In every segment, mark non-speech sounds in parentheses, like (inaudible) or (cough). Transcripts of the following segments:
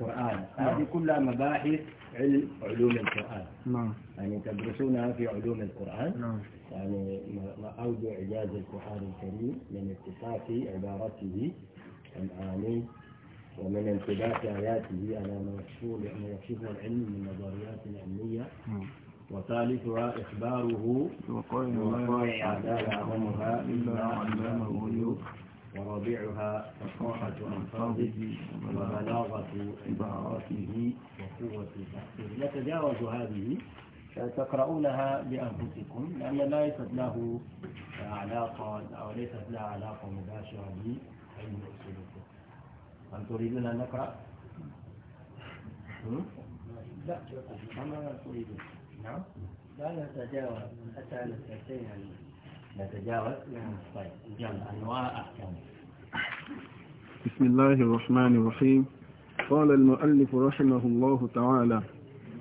القرآن هذه كلها مباحث علم علوم القرآن نعم يعني تدرسونها في علوم القرآن نعم يعني أوجه إعجاز القرآن الكريم من اتفاق عبارته الآني ومن انتباه آياته على ما يكشفه العلم من نظريات علمية نعم. وثالثها إخباره وقوع عدالة عمها إلا علمه الغيوب ورابعها فصاحة ألفاظه وبلاغة عباراته وقوة بحثه يتجاوز هذه تقرؤونها بأنفسكم لأن ليست له علاقة أو ليست لها علاقة مباشرة بعلم أصول الفقه هل تريدون أن نقرأ؟ لا كما تريدون نعم لا نتجاوز حتى نستطيع نتجاوز طيب الجمع أنواع احكامه بسم الله الرحمن الرحيم قال المؤلف رحمه الله تعالى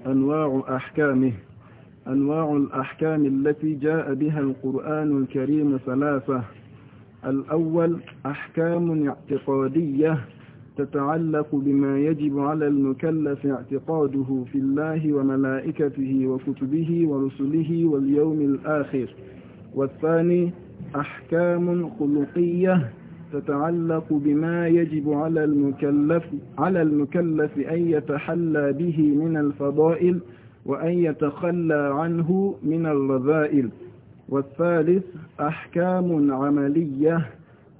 أنواع أحكامه أنواع الأحكام التي جاء بها القرآن الكريم ثلاثة الأول أحكام اعتقادية تتعلق بما يجب على المكلف اعتقاده في الله وملائكته وكتبه ورسله واليوم الآخر والثاني أحكام خلقية تتعلق بما يجب على المكلف على المكلف أن يتحلى به من الفضائل وأن يتخلى عنه من الرذائل والثالث أحكام عملية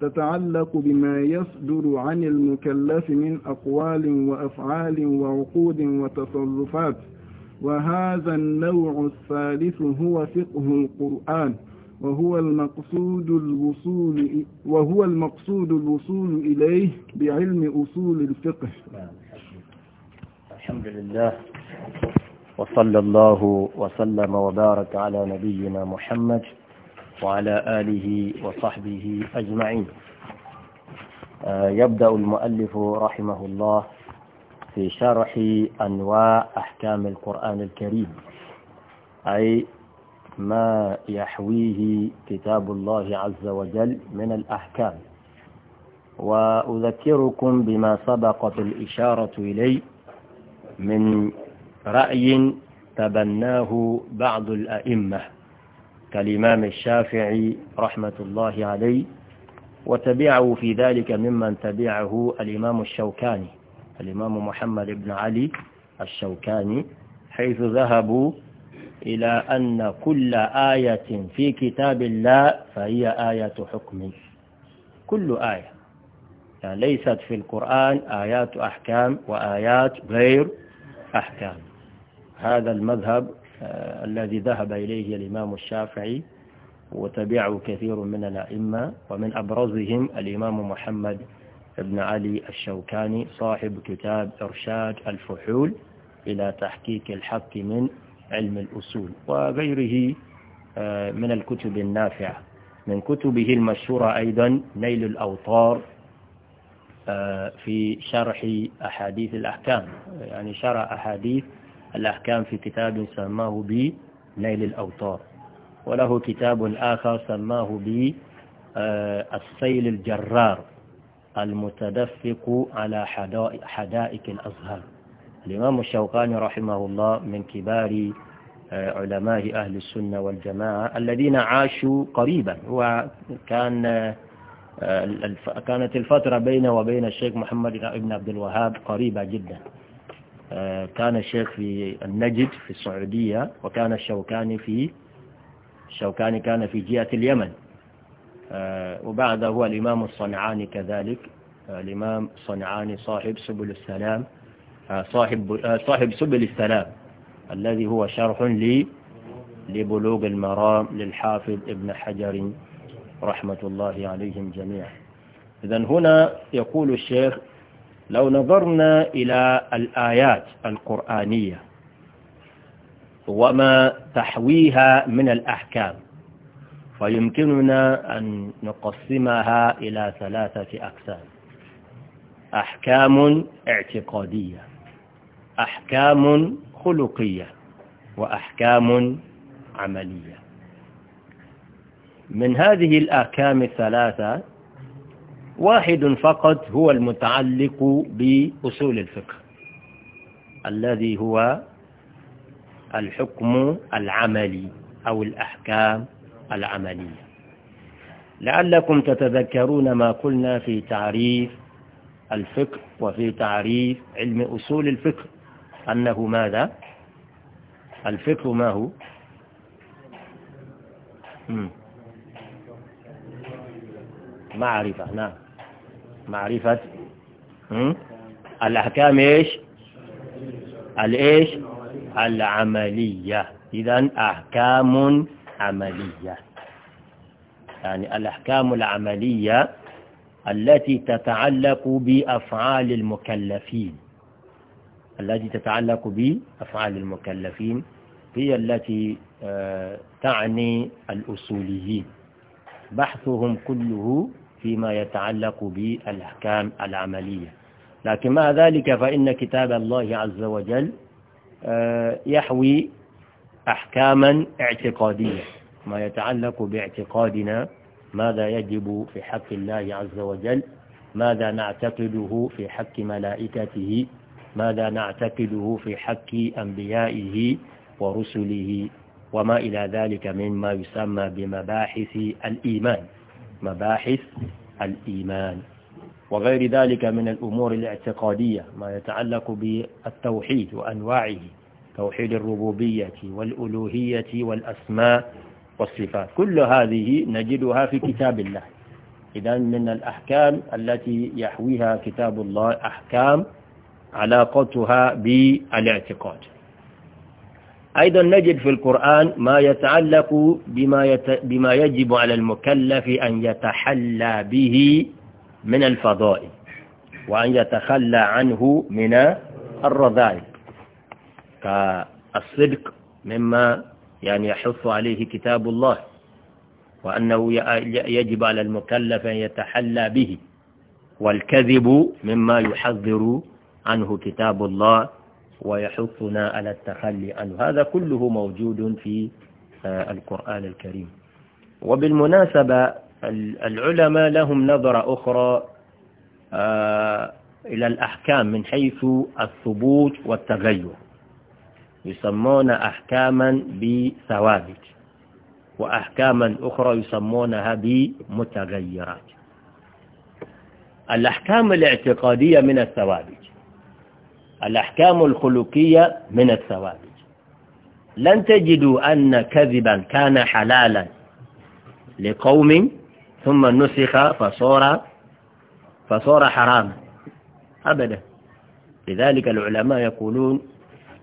تتعلق بما يصدر عن المكلف من أقوال وأفعال وعقود وتصرفات وهذا النوع الثالث هو فقه القرآن وهو المقصود الوصول وهو المقصود الوصول إليه بعلم أصول الفقه الحمد لله وصلى الله وسلم وبارك على نبينا محمد وعلى آله وصحبه أجمعين آه، يبدأ المؤلف رحمه الله في شرح أنواع أحكام القرآن الكريم أي ما يحويه كتاب الله عز وجل من الأحكام وأذكركم بما سبقت الإشارة إليه من رأي تبناه بعض الأئمة كالإمام الشافعي رحمة الله عليه وتبعه في ذلك ممن تبعه الإمام الشوكاني الإمام محمد بن علي الشوكاني حيث ذهبوا إلى أن كل آية في كتاب الله فهي آية حكم كل آية يعني ليست في القرآن آيات أحكام وآيات غير أحكام هذا المذهب آه الذي ذهب إليه الإمام الشافعي وتبعه كثير من الأئمة ومن أبرزهم الإمام محمد بن علي الشوكاني صاحب كتاب إرشاد الفحول إلى تحقيق الحق من علم الأصول وغيره آه، من الكتب النافعة من كتبه المشهورة أيضا نيل الأوطار آه، في شرح أحاديث الأحكام يعني شرح أحاديث الأحكام في كتاب سماه ب نيل الأوطار وله كتاب آخر سماه ب آه، السيل الجرار المتدفق على حدائق الأزهار الإمام الشوقاني رحمه الله من كبار آه، علماء أهل السنة والجماعة الذين عاشوا قريبا وكان آه، كانت الفترة بينه وبين الشيخ محمد بن عبد الوهاب قريبة جدا آه، كان الشيخ في النجد في السعودية وكان الشوكاني في الشوكاني كان في جهة اليمن وبعده هو الإمام الصنعاني كذلك الإمام الصنعاني صاحب سبل السلام آه، صاحب, آه، صاحب سبل السلام الذي هو شرح لي لبلوغ المرام للحافظ ابن حجر رحمة الله عليهم جميعا إذا هنا يقول الشيخ لو نظرنا إلى الآيات القرآنية وما تحويها من الأحكام فيمكننا أن نقسمها إلى ثلاثة أقسام أحكام اعتقادية أحكام خلقية وأحكام عملية من هذه الأحكام الثلاثة واحد فقط هو المتعلق بأصول الفقه الذي هو الحكم العملي أو الأحكام العملية لعلكم تتذكرون ما قلنا في تعريف الفقه وفي تعريف علم أصول الفقه أنه ماذا الفقه ما هو معرفة نعم معرفة الأحكام إيش الإيش العملية إذا أحكام عملية يعني الأحكام العملية التي تتعلق بأفعال المكلفين التي تتعلق بأفعال المكلفين هي التي آه، تعني الأصوليين بحثهم كله فيما يتعلق بالأحكام العملية لكن مع ذلك فإن كتاب الله عز وجل آه، يحوي أحكاما اعتقادية ما يتعلق باعتقادنا ماذا يجب في حق الله عز وجل ماذا نعتقده في حق ملائكته ماذا نعتقده في حق أنبيائه ورسله وما إلى ذلك مما يسمى بمباحث الإيمان مباحث الإيمان وغير ذلك من الأمور الاعتقادية ما يتعلق بالتوحيد وأنواعه توحيد الربوبية والألوهية والأسماء والصفات كل هذه نجدها في كتاب الله إذا من الأحكام التي يحويها كتاب الله أحكام علاقتها بالاعتقاد أيضا نجد في القرآن ما يتعلق بما, يت... بما يجب على المكلف أن يتحلى به من الفضائل وأن يتخلى عنه من الرذائل كالصدق مما يعني يحث عليه كتاب الله وأنه يجب على المكلف أن يتحلى به والكذب مما يحذر عنه كتاب الله ويحثنا على التخلي عنه هذا كله موجود في آه، القرآن الكريم وبالمناسبة العلماء لهم نظرة أخرى آه، إلى الأحكام من حيث الثبوت والتغير يسمون أحكاما بثوابت وأحكاما أخرى يسمونها بمتغيرات الأحكام الاعتقادية من الثوابت الأحكام الخلقية من الثوابت لن تجدوا أن كذبا كان حلالا لقوم ثم نسخ فصار فصار حراما أبدا لذلك العلماء يقولون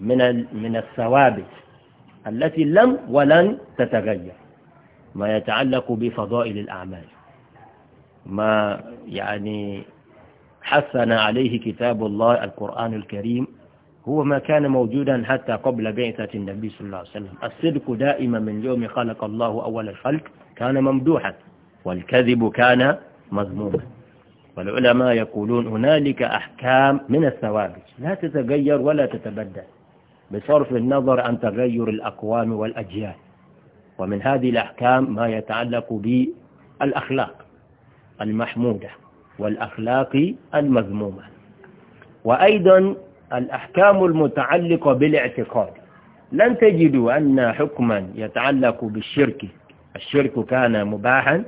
من من الثوابت التي لم ولن تتغير ما يتعلق بفضائل الأعمال ما يعني حثنا عليه كتاب الله القرآن الكريم هو ما كان موجودا حتى قبل بعثة النبي صلى الله عليه وسلم الصدق دائما من يوم خلق الله أول الخلق كان ممدوحا والكذب كان مذموما والعلماء يقولون هنالك أحكام من الثوابت لا تتغير ولا تتبدل بصرف النظر عن تغير الأقوام والأجيال ومن هذه الأحكام ما يتعلق بالأخلاق المحمودة والأخلاق المذمومة وأيضا الأحكام المتعلقة بالاعتقاد لن تجدوا أن حكما يتعلق بالشرك الشرك كان مباحا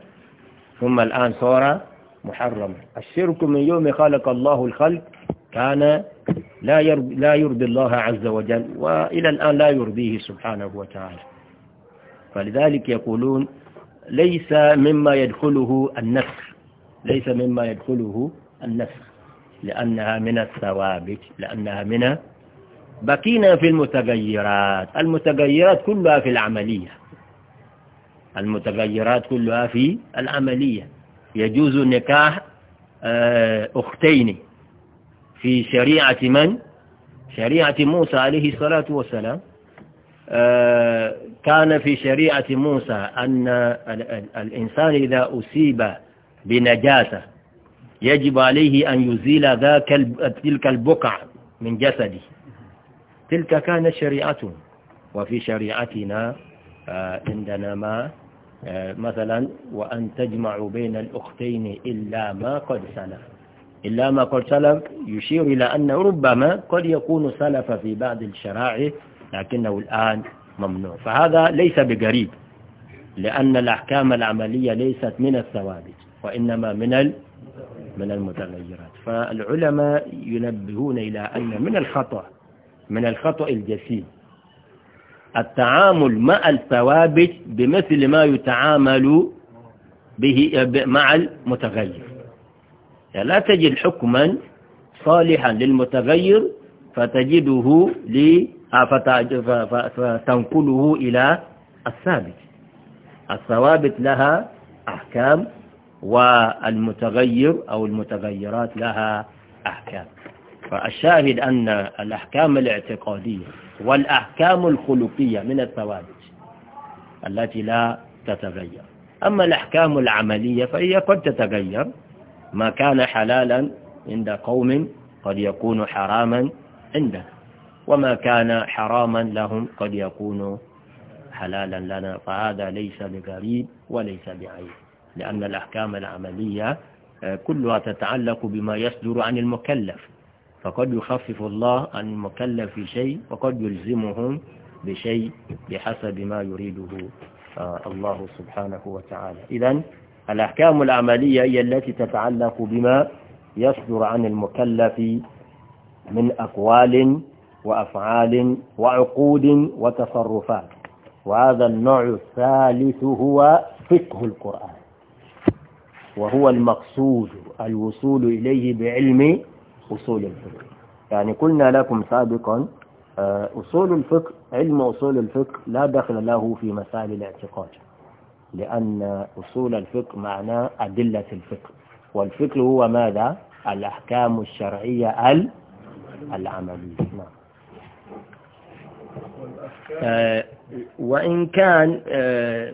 ثم الآن صار محرما الشرك من يوم خلق الله الخلق كان لا يرضي, لا يرضي الله عز وجل وإلى الآن لا يرضيه سبحانه وتعالى فلذلك يقولون ليس مما يدخله النفس ليس مما يدخله النسخ لأنها من الثوابت لأنها من بقينا في المتغيرات المتغيرات كلها في العملية المتغيرات كلها في العملية يجوز نكاح آه، أختين في شريعة من؟ شريعة موسى عليه الصلاة والسلام آه، كان في شريعة موسى أن الإنسان إذا أصيب بنجاسة يجب عليه أن يزيل ذاك تلك البقع من جسده تلك كانت شريعة وفي شريعتنا آه، عندنا ما آه، مثلا وأن تجمع بين الأختين إلا ما قد سلف إلا ما قد سلف يشير إلى أن ربما قد يكون سلف في بعض الشرائع لكنه الآن ممنوع فهذا ليس بقريب لأن الأحكام العملية ليست من الثوابت وإنما من من المتغيرات فالعلماء ينبهون إلى أن من الخطأ من الخطأ الجسيم التعامل مع الثوابت بمثل ما يتعامل به مع المتغير يعني لا تجد حكما صالحا للمتغير فتجده فتنقله إلى الثابت الثوابت لها أحكام والمتغير أو المتغيرات لها أحكام فالشاهد أن الأحكام الاعتقادية والأحكام الخلقية من الثوابت التي لا تتغير أما الأحكام العملية فهي قد تتغير ما كان حلالا عند قوم قد يكون حراما عندنا وما كان حراما لهم قد يكون حلالا لنا فهذا ليس بغريب وليس بعيب لأن الأحكام العملية آه، كلها تتعلق بما يصدر عن المكلف فقد يخفف الله عن المكلف شيء وقد يلزمهم بشيء بحسب ما يريده آه، الله سبحانه وتعالى إذا الأحكام العملية هي التي تتعلق بما يصدر عن المكلف من أقوال وأفعال وعقود وتصرفات وهذا النوع الثالث هو فقه القرآن وهو المقصود الوصول إليه بعلم أصول الفقه يعني قلنا لكم سابقا آه، أصول الفقه علم أصول الفقه لا دخل له في مسائل الاعتقاد لأن أصول الفقه معناه أدلة الفقه والفقه هو ماذا؟ الأحكام الشرعية العملية نعم آه، وإن كان آه،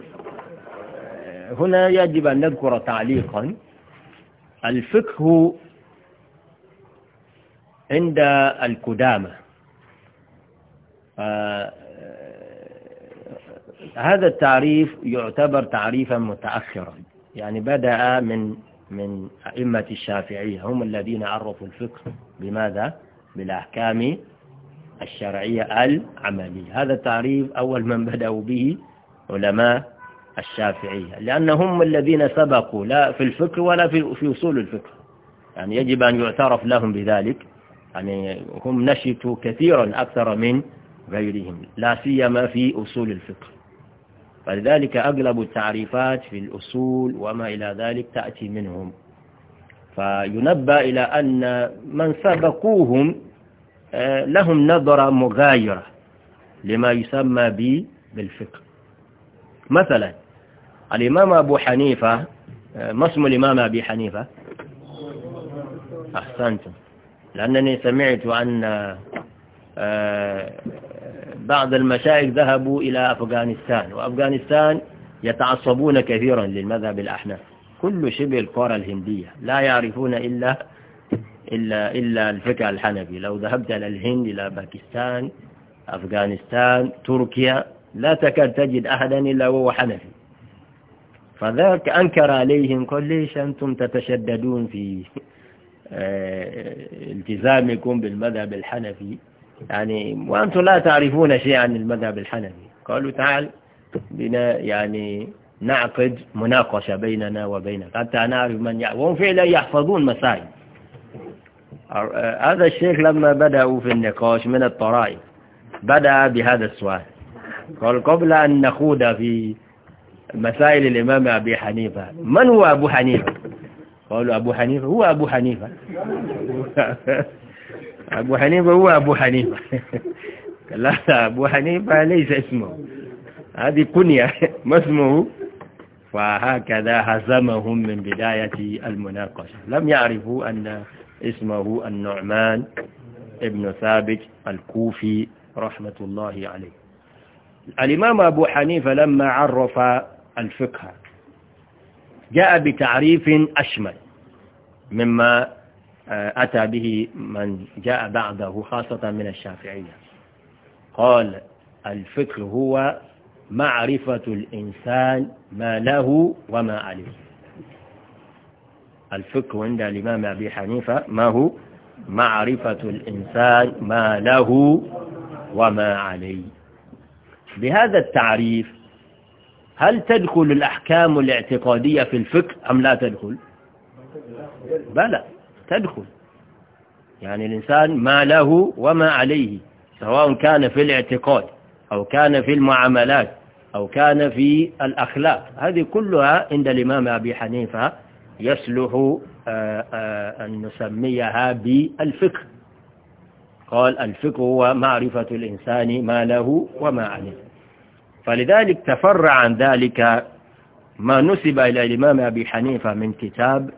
هنا يجب أن نذكر تعليقا الفقه عند القدامى آه، هذا التعريف يعتبر تعريفا متأخرا يعني بدأ من من أئمة الشافعية هم الذين عرفوا الفقه بماذا؟ بالأحكام الشرعية العملية هذا التعريف أول من بدأوا به علماء الشافعية لأنهم الذين سبقوا لا في الفقه ولا في في أصول الفقه يعني يجب أن يعترف لهم بذلك يعني هم نشطوا كثيرا أكثر من غيرهم لا سيما في أصول الفقه فلذلك أغلب التعريفات في الأصول وما إلى ذلك تأتي منهم فينبى إلى أن من سبقوهم آه، لهم نظرة مغايرة لما يسمى بالفقه مثلا الإمام أبو حنيفة ما اسم الإمام أبي حنيفة أحسنتم لأنني سمعت أن آه، بعض المشايخ ذهبوا إلى أفغانستان وأفغانستان يتعصبون كثيرا للمذهب الأحناف كل شبه القرى الهندية لا يعرفون إلا إلا إلا الفقه الحنفي لو ذهبت إلى الهند إلى باكستان أفغانستان تركيا لا تكاد تجد أحدا إلا وهو حنفي فذاك أنكر عليهم قال ليش أنتم تتشددون في آه، التزامكم بالمذهب الحنفي يعني وأنتم لا تعرفون شيئا عن المذهب الحنفي قالوا تعال بنا يعني نعقد مناقشة بيننا وبينك حتى نعرف من يعرف وهم فعلا يحفظون مسائل هذا الشيخ لما بدأوا في النقاش من الطرائف بدأ بهذا السؤال قال قبل أن نخوض في مسائل الإمام أبي حنيفة من هو أبو حنيفة قالوا أبو حنيفة هو أبو حنيفة (laughs) أبو حنيفة هو أبو حنيفة (laughs) لا أبو حنيفة ليس اسمه هذه كنية ما اسمه فهكذا هزمهم من بداية المناقشة لم يعرفوا أن اسمه النعمان ابن ثابت الكوفي رحمة الله عليه الإمام أبو حنيفة لما عرف الفقه جاء بتعريف أشمل مما آه، أتى به من جاء بعده خاصة من الشافعية قال الفقه هو معرفة الإنسان ما له وما عليه الفقه عند الإمام أبي حنيفة ما هو معرفة الإنسان ما له وما عليه بهذا التعريف هل تدخل الأحكام الاعتقادية في الفقه أم لا تدخل بلى تدخل يعني الإنسان ما له وما عليه سواء كان في الاعتقاد أو كان في المعاملات أو كان في الأخلاق هذه كلها عند الإمام أبي حنيفة يصلح آه، آه، أن نسميها بالفقه قال الفقه هو معرفة الإنسان ما له وما عليه فلذلك تفرع عن ذلك ما نسب إلى الإمام أبي حنيفة من كتاب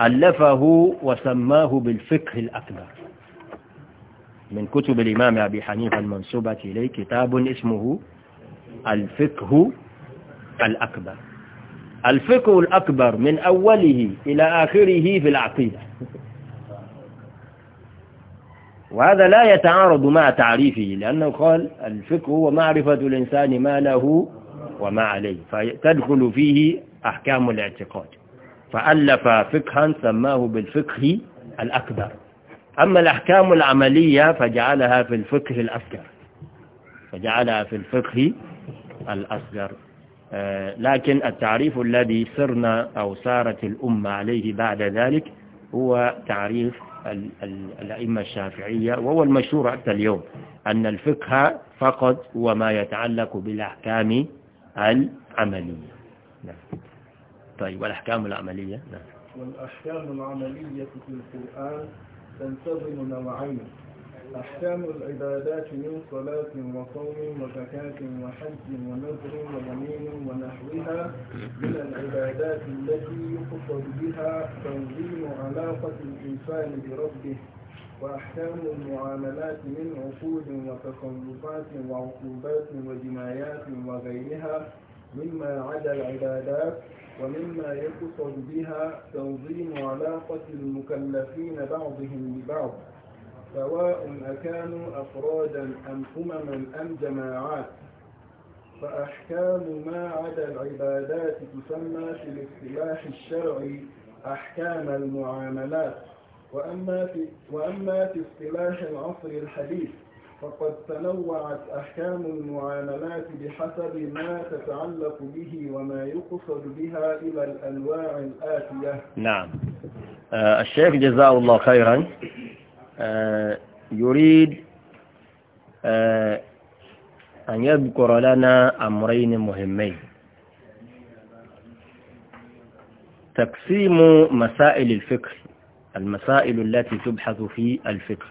ألفه وسماه بالفقه الأكبر من كتب الإمام أبي حنيفة المنسوبة إليه كتاب اسمه الفقه الأكبر الفقه الأكبر من أوله إلى آخره في العقيدة وهذا لا يتعارض مع تعريفه لأنه قال الفقه هو معرفة الإنسان ما له وما عليه فتدخل فيه أحكام الاعتقاد فألف فقها سماه بالفقه الأكبر أما الأحكام العملية فجعلها في الفقه الأصغر فجعلها في الفقه الأصغر آه، لكن التعريف الذي صرنا أو صارت الأمة عليه بعد ذلك هو تعريف الأئمة الشافعية وهو المشهور حتى اليوم أن الفقه فقط هو ما يتعلق بالأحكام العملية نعم. طيب والأحكام العملية نعم. والأحكام العملية في القرآن تنتظم نوعين أحكام العبادات من صلاة وصوم وزكاة وحج ونذر ويمين ونحوها من العبادات التي يقصد بها تنظيم علاقة الإنسان بربه وأحكام المعاملات من عقود وتصرفات وعقوبات وجنايات وغيرها مما عدا العبادات ومما يقصد بها تنظيم علاقة المكلفين بعضهم ببعض سواء أكانوا أفرادا أم أمما أم جماعات فأحكام ما عدا العبادات تسمى في الاصطلاح الشرعي أحكام المعاملات وأما في, وأما في اصطلاح العصر الحديث فقد تنوعت أحكام المعاملات بحسب ما تتعلق به وما يقصد بها إلى الأنواع الآتية نعم آه، الشيخ جزاه الله خيرا آه، يريد آه، أن يذكر لنا أمرين مهمين تقسيم مسائل الفكر المسائل التي تبحث في الفكر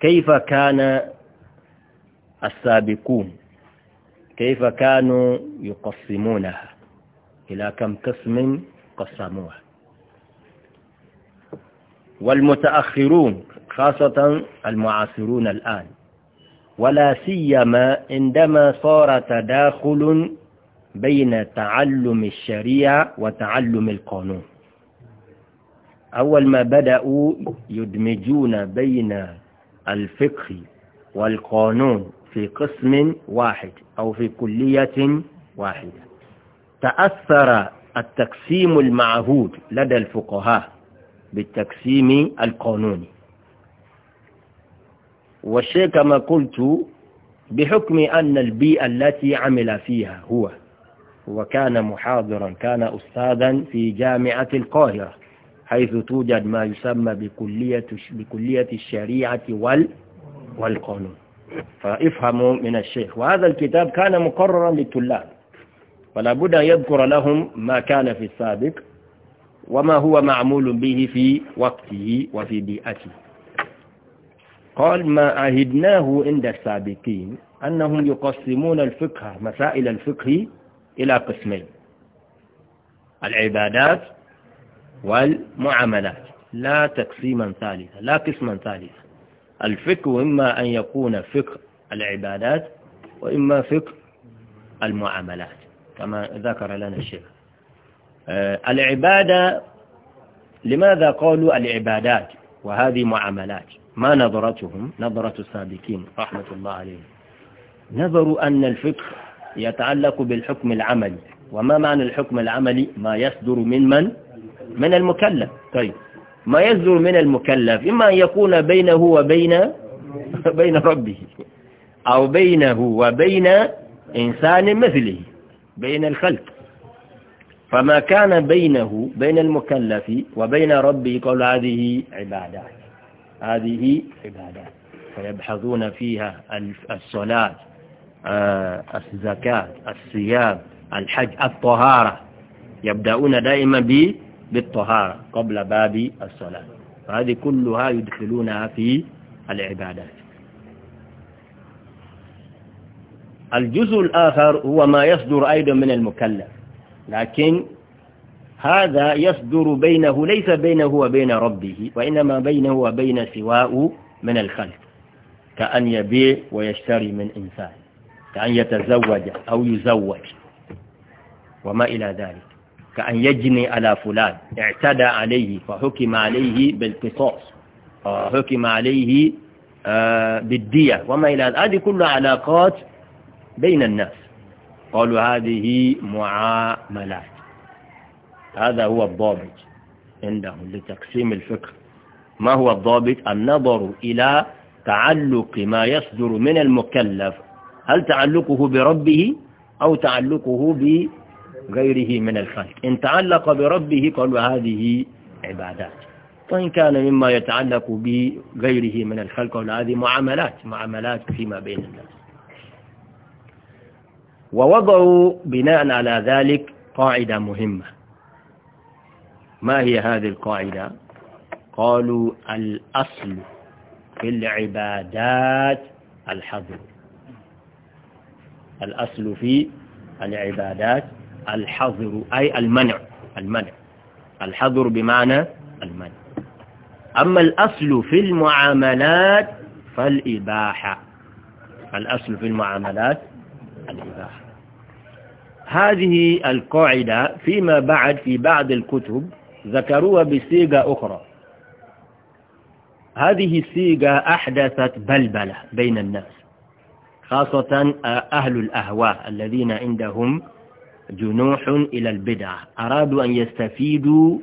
كيف كان السابقون كيف كانوا يقسمونها إلى كم قسم قسموها والمتأخرون خاصة المعاصرون الآن ولا سيما عندما صار تداخل بين تعلم الشريعة وتعلم القانون أول ما بدأوا يدمجون بين الفقه والقانون في قسم واحد أو في كلية واحدة تأثر التقسيم المعهود لدى الفقهاء بالتقسيم القانوني والشيء كما قلت بحكم أن البيئة التي عمل فيها هو وكان محاضرا كان أستاذا في جامعة القاهرة حيث توجد ما يسمى بكلية, بكلية الشريعة وال والقانون فافهموا من الشيخ وهذا الكتاب كان مقررا للطلاب فلا بد أن يذكر لهم ما كان في السابق وما هو معمول به في وقته وفي بيئته قال ما عهدناه عند السابقين أنهم يقسمون الفقه مسائل الفقه إلى قسمين العبادات والمعاملات لا تقسيما ثالثا لا قسما ثالثا الفقه إما أن يكون فقه العبادات وإما فقه المعاملات كما ذكر لنا الشيخ آه، العبادة لماذا قالوا العبادات وهذه معاملات ما نظرتهم نظرة السابقين رحمة الله عليهم نظروا أن الفقه يتعلق بالحكم العملي وما معنى الحكم العملي ما يصدر من من من المكلف طيب ما يصدر من المكلف إما أن يكون بينه وبين (laughs) بين ربه أو بينه وبين إنسان مثله بين الخلق فما كان بينه بين المكلف وبين ربه قال هذه عبادات هذه عبادات فيبحثون فيها الصلاة آه، الزكاة الصيام الحج الطهارة يبدأون دائما بالطهارة قبل باب الصلاة فهذه كلها يدخلونها في العبادات الجزء الآخر هو ما يصدر أيضا من المكلف لكن هذا يصدر بينه ليس بينه وبين ربه وإنما بينه وبين سواء من الخلق كأن يبيع ويشتري من إنسان كأن يتزوج أو يزوج وما إلى ذلك كأن يجني على فلان اعتدى عليه فحكم عليه بالقصاص حكم عليه آه، بالدية وما إلى هذه كل علاقات بين الناس قالوا هذه معاملات هذا هو الضابط عندهم لتقسيم الفكر ما هو الضابط النظر إلى تعلق ما يصدر من المكلف هل تعلقه بربه أو تعلقه بغيره من الخلق إن تعلق بربه قالوا هذه عبادات وإن كان مما يتعلق بغيره من الخلق قالوا هذه معاملات معاملات فيما بين الناس ووضعوا بناء على ذلك قاعدة مهمة ما هي هذه القاعدة قالوا الأصل في العبادات الحظر الأصل في العبادات الحظر أي المنع المنع الحظر بمعنى المنع أما الأصل في المعاملات فالإباحة الأصل في المعاملات الإباحة هذه القاعدة فيما بعد في بعض الكتب ذكروها بصيغة أخرى هذه الصيغة أحدثت بلبلة بين الناس خاصة أهل الأهواء الذين عندهم جنوح إلى البدع أرادوا أن يستفيدوا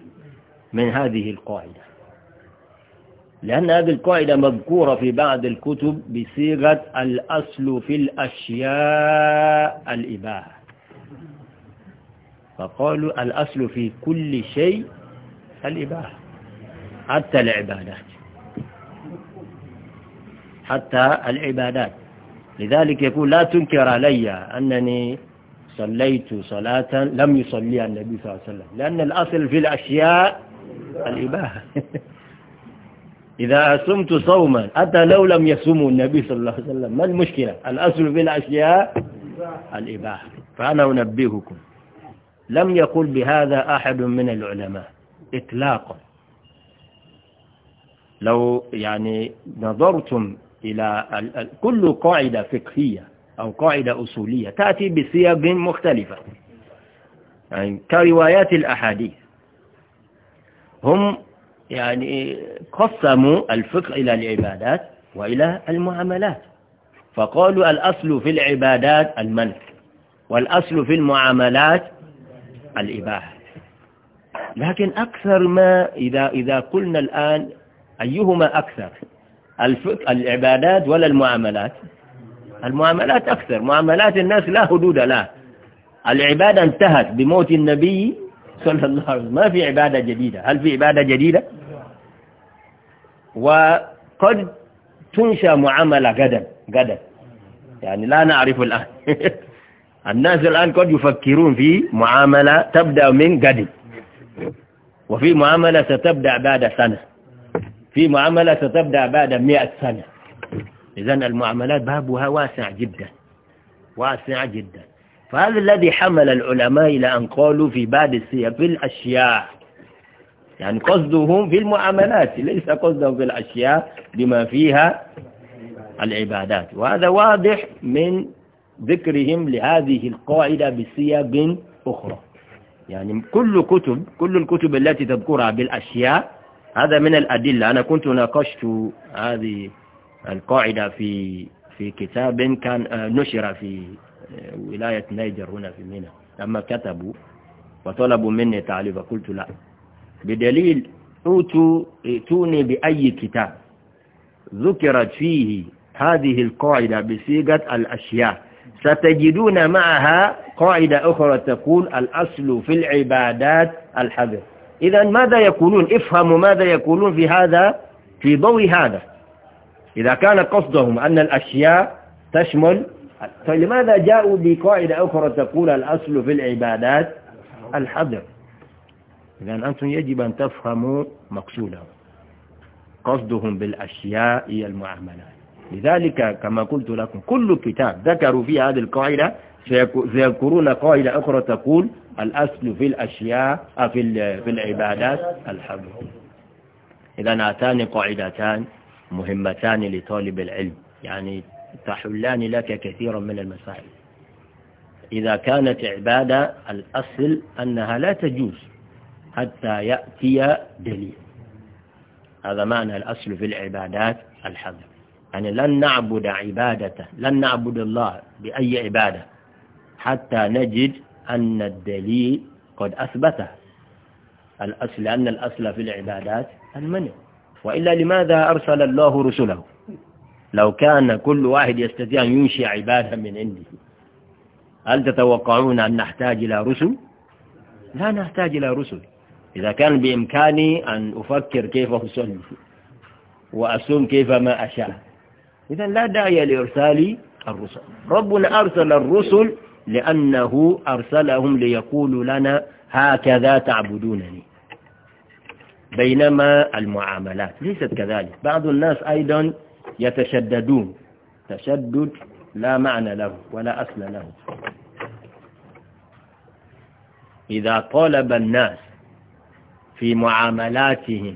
من هذه القاعدة لأن هذه القاعدة مذكورة في بعض الكتب بصيغة الأصل في الأشياء الإباحة فقالوا الأصل في كل شيء الإباحة حتى العبادات حتى العبادات لذلك يقول لا تنكر علي أنني صليت صلاة لم يصليها النبي صلى الله عليه وسلم لأن الأصل في الأشياء الإباحة (laughs) إذا صمت صوما حتى لو لم يصومه النبي صلى الله عليه وسلم ما المشكلة الأصل في الأشياء الإباحة فأنا أنبهكم لم يقل بهذا أحد من العلماء إطلاقا لو يعني نظرتم إلى كل قاعدة فقهية أو قاعدة أصولية تأتي بسياق مختلفة يعني كروايات الأحاديث هم يعني قسموا الفقه إلى العبادات وإلى المعاملات فقالوا الأصل في العبادات المنع والأصل في المعاملات الإباحة لكن أكثر ما إذا, إذا قلنا الآن أيهما أكثر العبادات ولا المعاملات المعاملات أكثر معاملات الناس لا حدود لها العبادة انتهت بموت النبي صلى الله عليه وسلم ما في عبادة جديدة هل في عبادة جديدة وقد تنشأ معاملة غدا غدا يعني لا نعرف الآن (laughs) الناس الآن قد يفكرون في معاملة تبدأ من قد وفي معاملة ستبدأ بعد سنة في معاملة ستبدأ بعد مئة سنة إذا المعاملات بابها واسع جدا واسع جدا فهذا الذي حمل العلماء إلى أن قالوا في بعد السياق في الأشياء يعني قصدهم في المعاملات ليس قصدهم في الأشياء بما فيها العبادات وهذا واضح من ذكرهم لهذه القاعدة بسياق أخرى يعني كل كتب كل الكتب التي تذكرها بالأشياء هذا من الأدلة أنا كنت ناقشت هذه القاعدة في في كتاب كان آه، نشر في آه، ولاية نيجر هنا في ميناء لما كتبوا وطلبوا مني تعليف قلت لا بدليل أوتوا ائتوني بأي كتاب ذكرت فيه هذه القاعدة بصيغة الأشياء ستجدون معها قاعدة أخرى تقول الأصل في العبادات الحذر إذا ماذا يقولون افهموا ماذا يقولون في هذا في ضوء هذا إذا كان قصدهم أن الأشياء تشمل فلماذا جاءوا بقاعدة أخرى تقول الأصل في العبادات الحذر إذا أنتم يجب أن تفهموا مقصودهم قصدهم بالأشياء هي المعاملات لذلك كما قلت لكم كل كتاب ذكروا فيه هذه القاعدة سيذكرون قاعدة أخرى تقول الأصل في الأشياء آه، في, في العبادات الحب إذا هاتان قاعدتان مهمتان لطالب العلم يعني تحلان لك كثيرا من المسائل إذا كانت عبادة الأصل أنها لا تجوز حتى يأتي دليل هذا معنى الأصل في العبادات الحذر يعني لن نعبد عبادته لن نعبد الله بأي عبادة حتى نجد أن الدليل قد أثبته الأصل لأن الأصل في العبادات المنع وإلا لماذا أرسل الله رسله لو كان كل واحد يستطيع أن ينشئ عبادة من عنده هل تتوقعون أن نحتاج إلى رسل لا نحتاج إلى رسل إذا كان بإمكاني أن أفكر كيف أصلي وأصوم كيف ما أشاء إذا لا داعي لإرسال الرسل ربنا أرسل الرسل لأنه أرسلهم ليقولوا لنا هكذا تعبدونني بينما المعاملات ليست كذلك بعض الناس أيضا يتشددون تشدد لا معنى له ولا أصل له إذا طالب الناس في معاملاتهم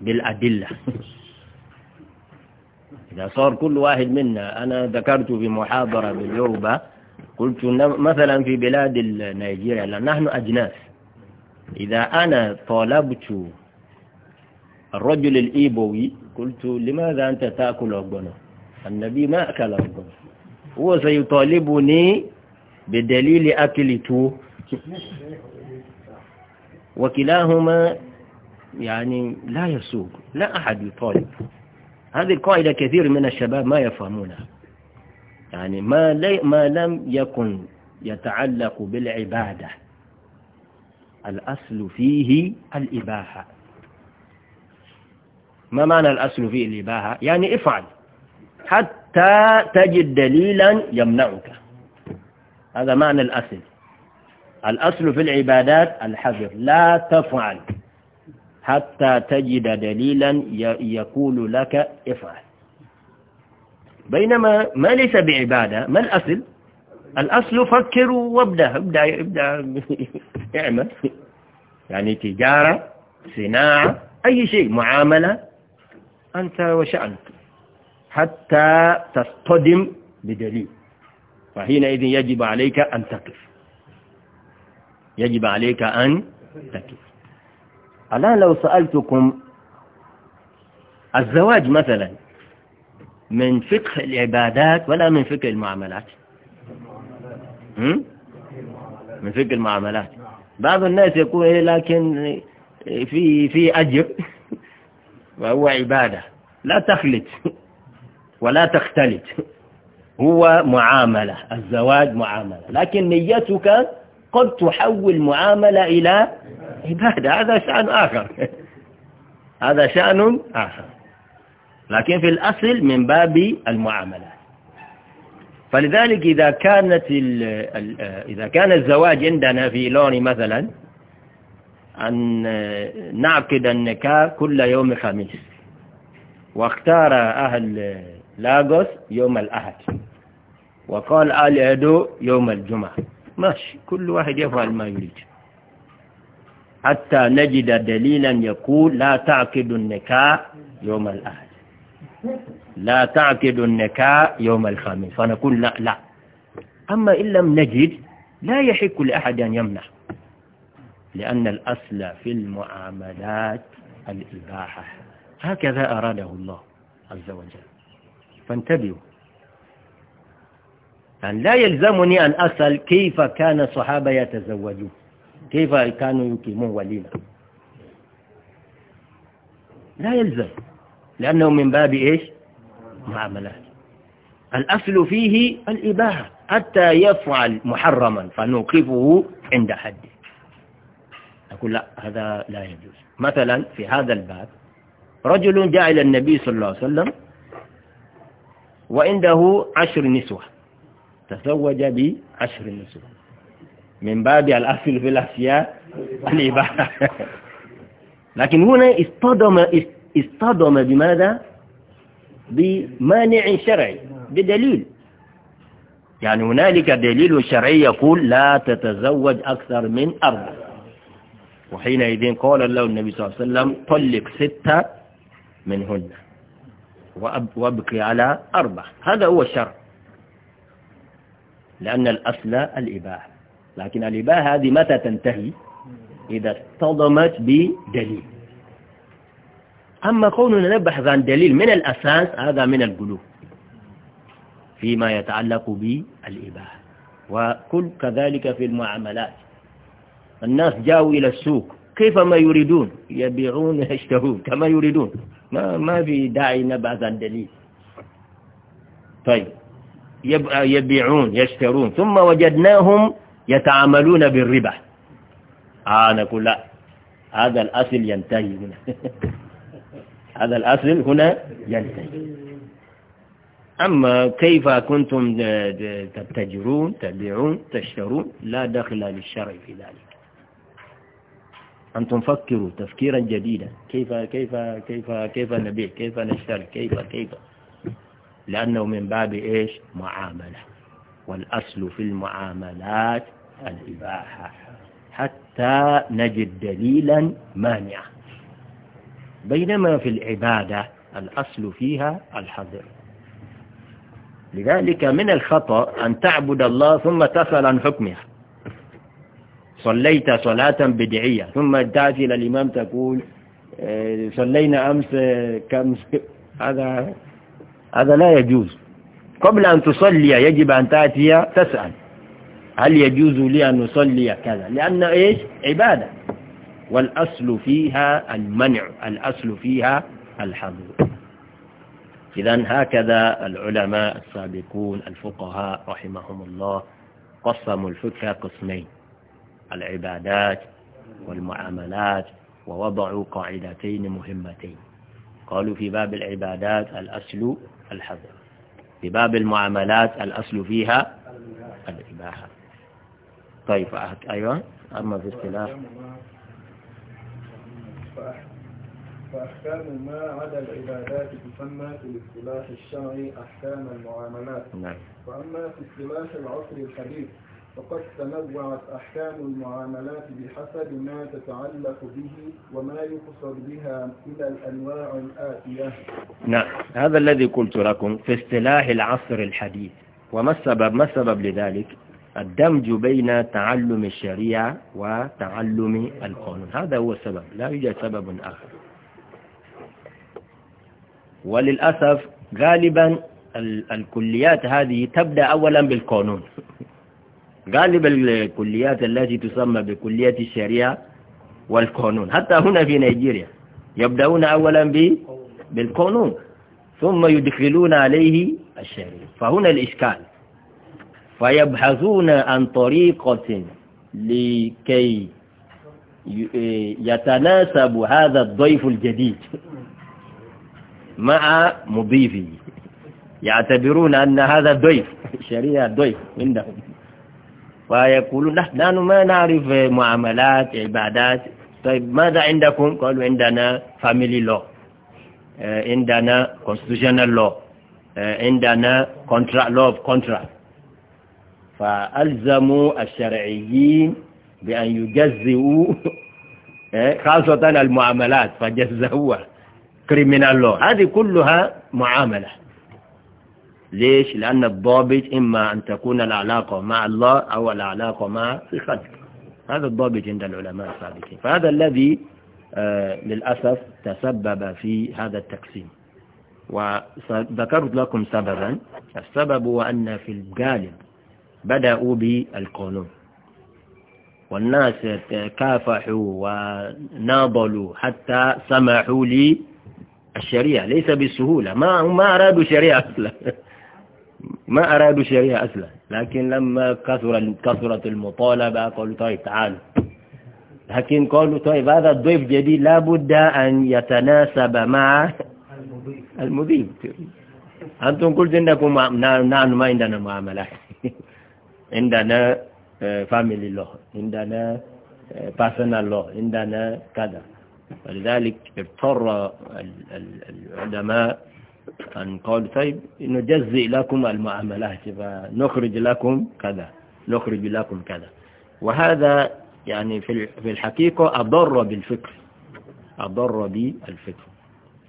بالأدلة إذا صار كل واحد منا أنا ذكرت في محاضرة باليوبا قلت مثلا في بلاد نيجيريا نحن أجناس إذا أنا طالبت الرجل الإيبوي قلت لماذا أنت تأكل ربنا النبي ما أكل ربنا هو سيطالبني بدليل أكلته وكلاهما يعني لا يسوق لا أحد يطالب هذه القاعدة كثير من الشباب ما يفهمونها يعني ما, لي ما لم يكن يتعلق بالعبادة الأصل فيه الإباحة ما معنى الأصل فيه الإباحة يعني افعل حتى تجد دليلا يمنعك هذا معنى الأصل الأصل في العبادات الحذر لا تفعل حتى تجد دليلا يقول لك افعل بينما ما ليس بعبادة ما الأصل الأصل فكر وابدأ ابدأ ابدأ (laughs) اعمل يعني تجارة صناعة أي شيء معاملة أنت وشأنك حتى تصطدم بدليل فحينئذ يجب عليك أن تقف يجب عليك أن تقف الآن لو سألتكم الزواج مثلا من فقه العبادات ولا من فقه المعاملات من فقه المعاملات بعض الناس يقول إيه لكن في في أجر (laughs) وهو عبادة لا تخلط ولا تختلط هو معاملة الزواج معاملة لكن نيتك قد تحول معاملة إلى عبادة هذا شأن آخر (laughs) هذا شأن آخر لكن في الأصل من باب المعاملات فلذلك إذا كانت إذا كان الزواج عندنا في لون مثلا أن نعقد النكاح كل يوم خميس واختار أهل لاغوس يوم الأحد وقال آل عدو يوم الجمعة ماشي كل واحد يفعل ما يريد حتى نجد دليلا يقول لا تعقد النكاء يوم الأحد لا تعقد النكاء يوم الخميس فنقول لا لا أما إن لم نجد لا يحق لأحد أن يمنع لأن الأصل في المعاملات الإباحة هكذا أراده الله عز وجل فانتبهوا أن يعني لا يلزمني أن أسأل كيف كان الصحابة يتزوجون كيف كانوا يقيمون وليمة لا يلزم لأنه من باب إيش معاملات الأصل فيه الإباحة حتى يفعل محرما فنوقفه عند حده أقول لا هذا لا يجوز مثلا في هذا الباب رجل جاء إلى النبي صلى الله عليه وسلم وعنده عشر نسوة تزوج بعشر نسوة من باب الأصل في الأشياء الإباحة لكن هنا اصطدم اصطدم بماذا بمانع شرعي بدليل يعني هنالك دليل شرعي يقول لا تتزوج أكثر من أربع وحينئذ قال له النبي صلى الله عليه وسلم طلق ستة منهن وابقي على أربع هذا هو الشرع لأن الأصل الإباحة لكن الإباحة هذه متى تنتهي إذا اصطدمت بدليل أما كوننا نبحث عن دليل من الأساس هذا من القلوب فيما يتعلق بالإباحة وكل كذلك في المعاملات الناس جاءوا إلى السوق كيف ما يريدون يبيعون يشتهون كما يريدون ما, ما في داعي نبحث عن دليل طيب يبيعون يشترون ثم وجدناهم يتعاملون بالربا آه أقول لا هذا الأصل ينتهي هنا (laughs) هذا الأصل هنا ينتهي أما كيف كنتم تتجرون تبيعون تشترون لا دخل للشرع في ذلك أنتم فكروا تفكيرا جديدا كيف كيف كيف كيف نبيع كيف نشتري كيف كيف لأنه من باب إيش معاملة والأصل في المعاملات الإباحة حتى نجد دليلا مانعا بينما في العبادة الأصل فيها الحظر لذلك من الخطأ أن تعبد الله ثم تسأل عن حكمها صليت صلاة بدعية ثم تأتي إلى الإمام تقول آه، صلينا أمس آه، كم هذا هذا لا يجوز قبل أن تصلي يجب أن تأتي تسأل هل يجوز لي أن أصلي كذا لأن إيش عبادة والأصل فيها المنع الأصل فيها الحظر إذا هكذا العلماء السابقون الفقهاء رحمهم الله قسموا الفقه قسمين العبادات والمعاملات ووضعوا قاعدتين مهمتين قالوا في باب العبادات الأصل الحذر في باب المعاملات الأصل فيها الإباحة طيب فأحت... أيوة أما في اصطلاح فأحكام ما عدا العبادات تسمى في الاصطلاح الشرعي أحكام المعاملات نعم. وأما في اصطلاح العصر الحديث فقد تنوعت أحكام المعاملات بحسب ما تتعلق به وما يقصد بها إلى الأنواع الآتية نعم هذا الذي قلت لكم في اصطلاح العصر الحديث وما السبب ما السبب لذلك الدمج بين تعلم الشريعة وتعلم القانون هذا هو السبب لا يوجد سبب آخر وللأسف غالبا الكليات هذه تبدأ أولا بالقانون غالب الكليات التي تسمى بكلية الشريعة والقانون حتى هنا في نيجيريا يبدأون أولا بالقانون ثم يدخلون عليه الشريعة فهنا الإشكال فيبحثون عن طريقة لكي يتناسب هذا الضيف الجديد مع مضيفه يعتبرون أن هذا ضيف شريعة ضيف عندهم ويقولون نحن ما نعرف معاملات عبادات طيب ماذا عندكم قالوا عندنا family law آه، عندنا constitutional law آه، عندنا contract law of contract فألزموا الشرعيين بأن يجزئوا (laughs) آه، خاصة المعاملات فجزئوها criminal law هذه كلها معاملة ليش لأن الضابط إما أن تكون العلاقة مع الله أو العلاقة مع الخلق هذا الضابط عند العلماء السابقين فهذا الذي آه، للأسف تسبب في هذا التقسيم وذكرت لكم سببا السبب هو أن في الغالب بدأوا بالقانون والناس تكافحوا وناضلوا حتى سمحوا لي الشريعة ليس بالسهولة ما ما أرادوا شريعة أصلا ما أرادوا شريعة أصلا لكن لما كثر كثرت المطالبة قالوا طيب تعالوا لكن قالوا طيب هذا الضيف جديد لابد أن يتناسب مع المضيف أنتم قلت إنكم نحن ما عندنا معاملات (laughs) عندنا فاميلي آه، لو عندنا باسنال آه، لو عندنا كذا ولذلك اضطر العلماء أن قال طيب نجزئ لكم المعاملات فنخرج لكم كذا نخرج لكم كذا وهذا يعني في الحقيقة أضر بالفكر أضر بالفكر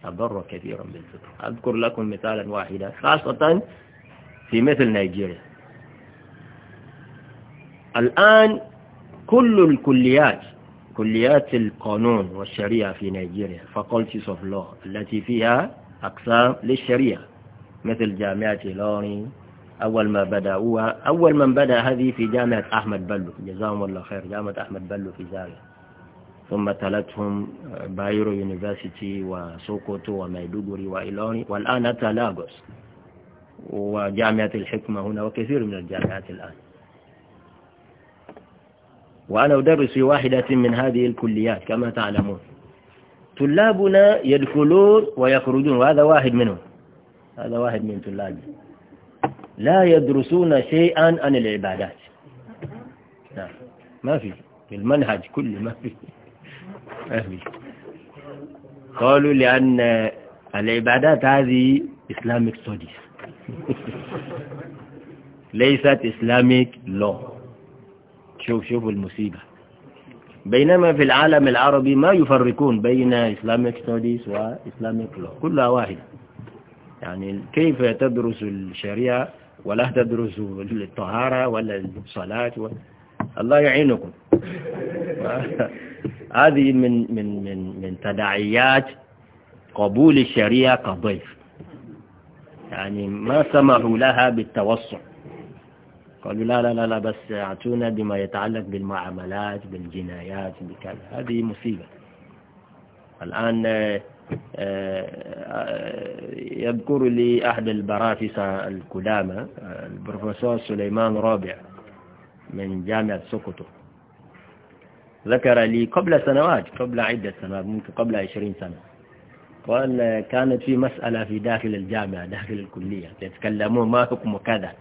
أضر كثيرا بالفكر أذكر لكم مثالا واحدا خاصة في مثل نيجيريا الآن كل الكليات كليات القانون والشريعة في نيجيريا فاكولتيز اوف لو التي فيها أقسام للشريعة مثل جامعة لوني أول ما بدأوها أول من بدأ هذه في جامعة أحمد بلو جزاهم الله خير جامعة أحمد بلو في زاوية ثم تلتهم بايرو يونيفرسيتي وسوكوتو وميدوغوري وإيلوني والآن أتى لاغوس وجامعة الحكمة هنا وكثير من الجامعات الآن وأنا أدرس في واحدة من هذه الكليات كما تعلمون طلابنا يدخلون ويخرجون وهذا واحد منهم هذا واحد من طلابي لا يدرسون شيئا عن العبادات نعم ما في في المنهج كله ما في ما في قالوا لأن العبادات هذه Islamic studies (laughs) ليست Islamic law شوف شوف المصيبة بينما في العالم العربي ما يفرقون بين اسلامك ستاديس واسلامك لو كلها واحدة يعني كيف تدرس الشريعة ولا تدرس الطهارة ولا الصلاة و... الله يعينكم (laughs) هذه من من من من تداعيات قبول الشريعة كضيف يعني ما سمحوا لها بالتوسع قالوا لا لا لا لا بس اعطونا بما يتعلق بالمعاملات بالجنايات بكذا هذه مصيبة الآن آه، آه، يذكر لي أحد البرافسة الكلامة البروفيسور سليمان رابع من جامعة سقطة ذكر لي قبل سنوات قبل عدة سنوات ممكن قبل عشرين سنة قال كانت في مسألة في داخل الجامعة داخل الكلية يتكلمون ما حكم كذا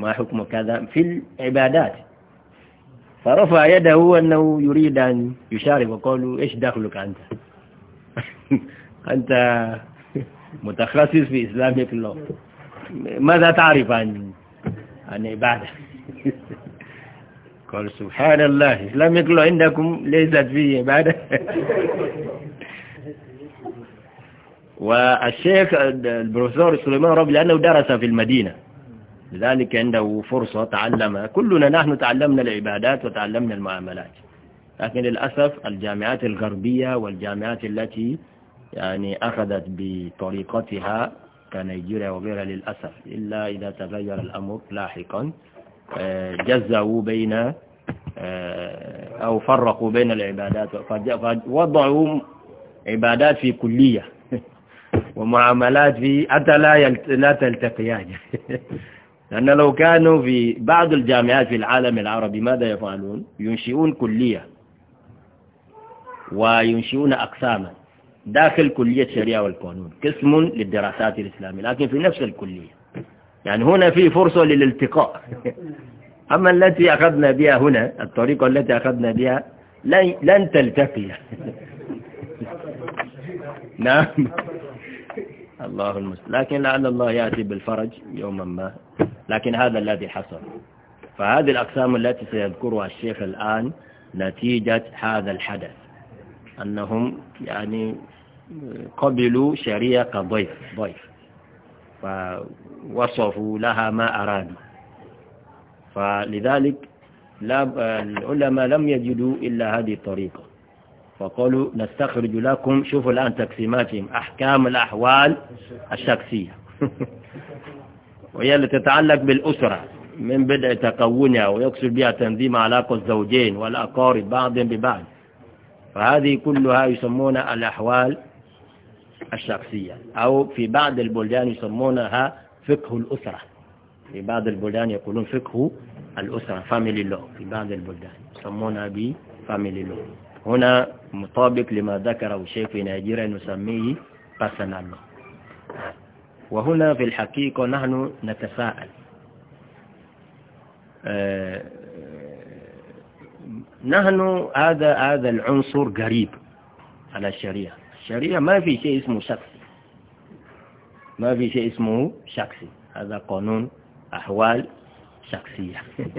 ما حكم كذا في العبادات فرفع يده أنه يريد أن يشارك وقالوا إيش دخلك أنت (laughs) أنت متخصص في اسلام الله ماذا تعرف عن عن عبادة (laughs) قال سبحان الله اسلام الله عندكم ليست فيه عبادة (laughs) والشيخ البروفيسور سليمان ربي لأنه درس في المدينة لذلك عنده فرصة تعلم كلنا نحن تعلمنا العبادات وتعلمنا المعاملات لكن للأسف الجامعات الغربية والجامعات التي يعني أخذت بطريقتها كنيجيريا وغيرها للأسف إلا إذا تغير الأمر لاحقا آه، جزوا بين آه، أو فرقوا بين العبادات فوضعوا عبادات في كلية (laughs) ومعاملات في حتى لا لا تلتقيان (laughs) لأن لو كانوا في بعض الجامعات في العالم العربي ماذا يفعلون ينشئون كلية وينشئون أقساما داخل كلية الشريعة والقانون قسم للدراسات الإسلامية لكن في نفس الكلية يعني هنا في فرصة للالتقاء (laughs) أما التي أخذنا بها هنا الطريقة التي أخذنا بها لن تلتقي (laughs) نعم الله المستعان لكن لعل الله يأتي بالفرج يوما ما لكن هذا الذي حصل فهذه الأقسام التي سيذكرها الشيخ الآن نتيجة هذا الحدث أنهم يعني قبلوا شريعة ضيف ضيف فوصفوا لها ما أرادوا فلذلك العلماء لم يجدوا إلا هذه الطريقة فقالوا نستخرج لكم شوفوا الآن تقسيماتهم أحكام الأحوال الشخصية (laughs) وهي اللي تتعلق بالأسرة من بدء تكونها ويقصد بها تنظيم علاقة الزوجين والأقارب بعض ببعض فهذه كلها يسمون الأحوال الشخصية أو في بعض البلدان يسمونها فقه الأسرة في بعض البلدان يقولون فقه الأسرة family law في بعض البلدان يسمونها بفاميلي family law هنا مطابق لما ذكره الشيخ في نيجيريا نسميه personal وهنا في الحقيقة نحن نتساءل آه، نحن هذا هذا العنصر قريب على الشريعة الشريعة ما في شيء اسمه شخصي ما في شيء اسمه شخصي هذا قانون أحوال شخصية (laughs)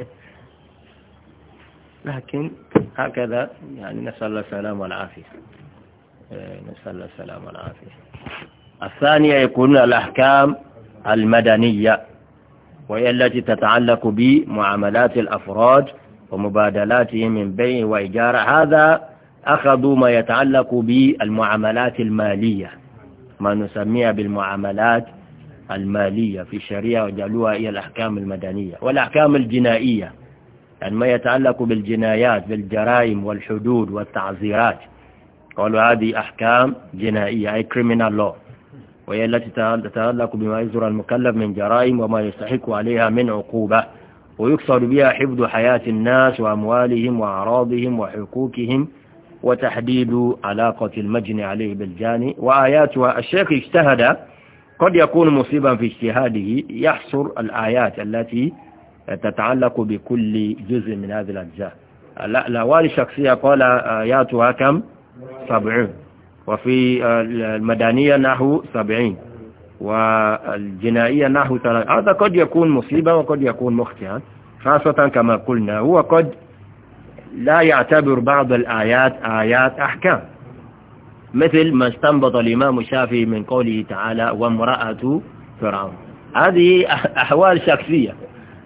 لكن هكذا يعني نسأل الله السلام والعافية إيه، نسأل الله السلام والعافية الثانية يكون الأحكام المدنية وهي التي تتعلق بمعاملات الأفراد ومبادلاتهم من بيع وإيجار هذا أخذوا ما يتعلق بالمعاملات المالية ما نسميها بالمعاملات المالية في الشريعة وجعلوها هي الأحكام المدنية والأحكام الجنائية يعني ما يتعلق بالجنايات بالجرائم والحدود والتعزيرات قالوا هذه أحكام جنائية أي criminal law وهي التي تتعلق بما يزر المكلف من جرائم وما يستحق عليها من عقوبة ويقصد بها حفظ حياة الناس وأموالهم وأعراضهم وحقوقهم وتحديد علاقة المجن عليه بالجاني وآياتها الشيخ اجتهد قد يكون مصيبا في اجتهاده يحصر الآيات التي تتعلق بكل جزء من هذه الأجزاء الأوالي الشخصية قال آياتها آه، كم سبعين وفي آه، المدنية نحو سبعين والجنائية نحو ثلاث هذا قد يكون مصيبة وقد يكون مخطئا خاصة كما قلنا هو قد لا يعتبر بعض الآيات آيات أحكام مثل ما استنبط الإمام الشافعي من قوله تعالى وامرأة فرعون هذه أحوال شخصية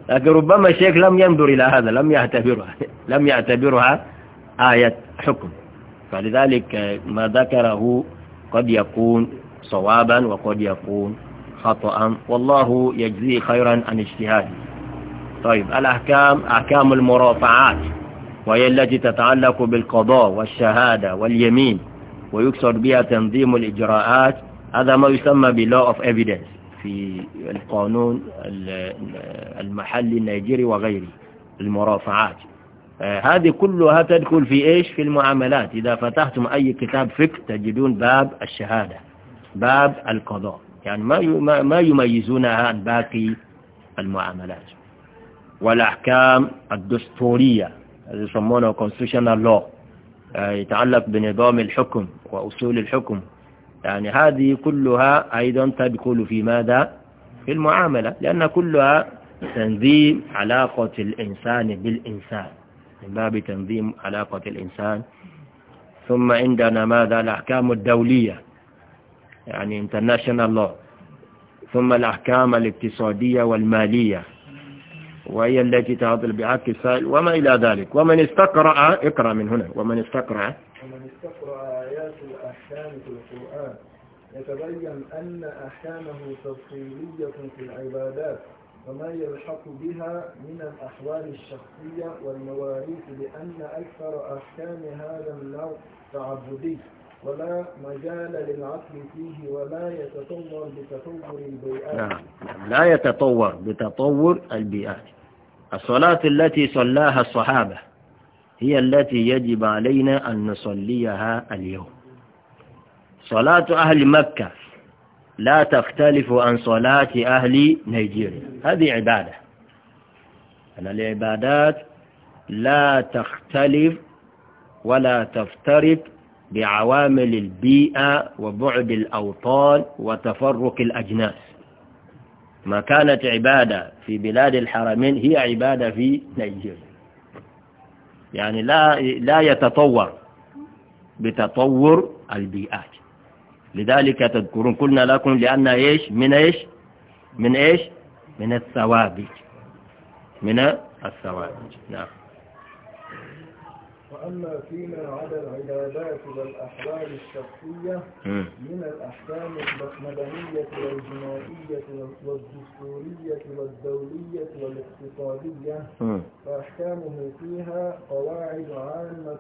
لكن ربما الشيخ لم ينظر إلى هذا لم يعتبرها (laughs) لم يعتبرها آية حكم فلذلك ما ذكره قد يكون صوابا وقد يكون خطأ والله يجزي خيرا عن اجتهاده طيب الأحكام أحكام المرافعات وهي التي تتعلق بالقضاء والشهادة واليمين ويكسر بها تنظيم الإجراءات هذا ما يسمى ب اوف of evidence في القانون المحلي النيجيري وغيره المرافعات آه، هذه كلها تدخل في إيش في المعاملات إذا فتحتم أي كتاب فقه تجدون باب الشهادة باب القضاء يعني ما ما يميزونها عن باقي المعاملات والأحكام الدستورية يسمونها constitutional law آه، يتعلق بنظام الحكم وأصول الحكم يعني هذه كلها أيضا تدخل في ماذا في المعاملة لأن كلها تنظيم علاقة الإنسان بالإنسان من باب تنظيم علاقة الإنسان ثم عندنا ماذا الأحكام الدولية يعني international law ثم الأحكام الاقتصادية والمالية وهي التي تعطل بعك السائل وما إلى ذلك ومن استقرأ اقرأ من هنا ومن استقرأ ومن استقرأ آيات الأحكام في القرآن يتبين أن أحكامه تفصيلية في العبادات وما يلحق بها من الأحوال الشخصية والمواريث لأن أكثر أحكام هذا النوع تعبدي ولا مجال للعقل فيه ولا يتطور بتطور البيئات لا, نعم. لا يتطور بتطور البيئات الصلاة التي صلاها الصحابة هي التي يجب علينا أن نصليها اليوم صلاة أهل مكة لا تختلف عن صلاة أهل نيجيريا هذه عبادة أن العبادات لا تختلف ولا تفترق بعوامل البيئة وبعد الأوطان وتفرق الأجناس ما كانت عبادة في بلاد الحرمين هي عبادة في نيجيريا يعني لا لا يتطور بتطور البيئات لذلك تذكرون قلنا لكم لأن إيش من إيش من إيش من الثوابت من الثوابت نعم وأما فيما عدا العبادات والأحوال الشخصية من الأحكام المدنية والجنائية والدستورية والدولية والاقتصادية فأحكامه فيها قواعد عامة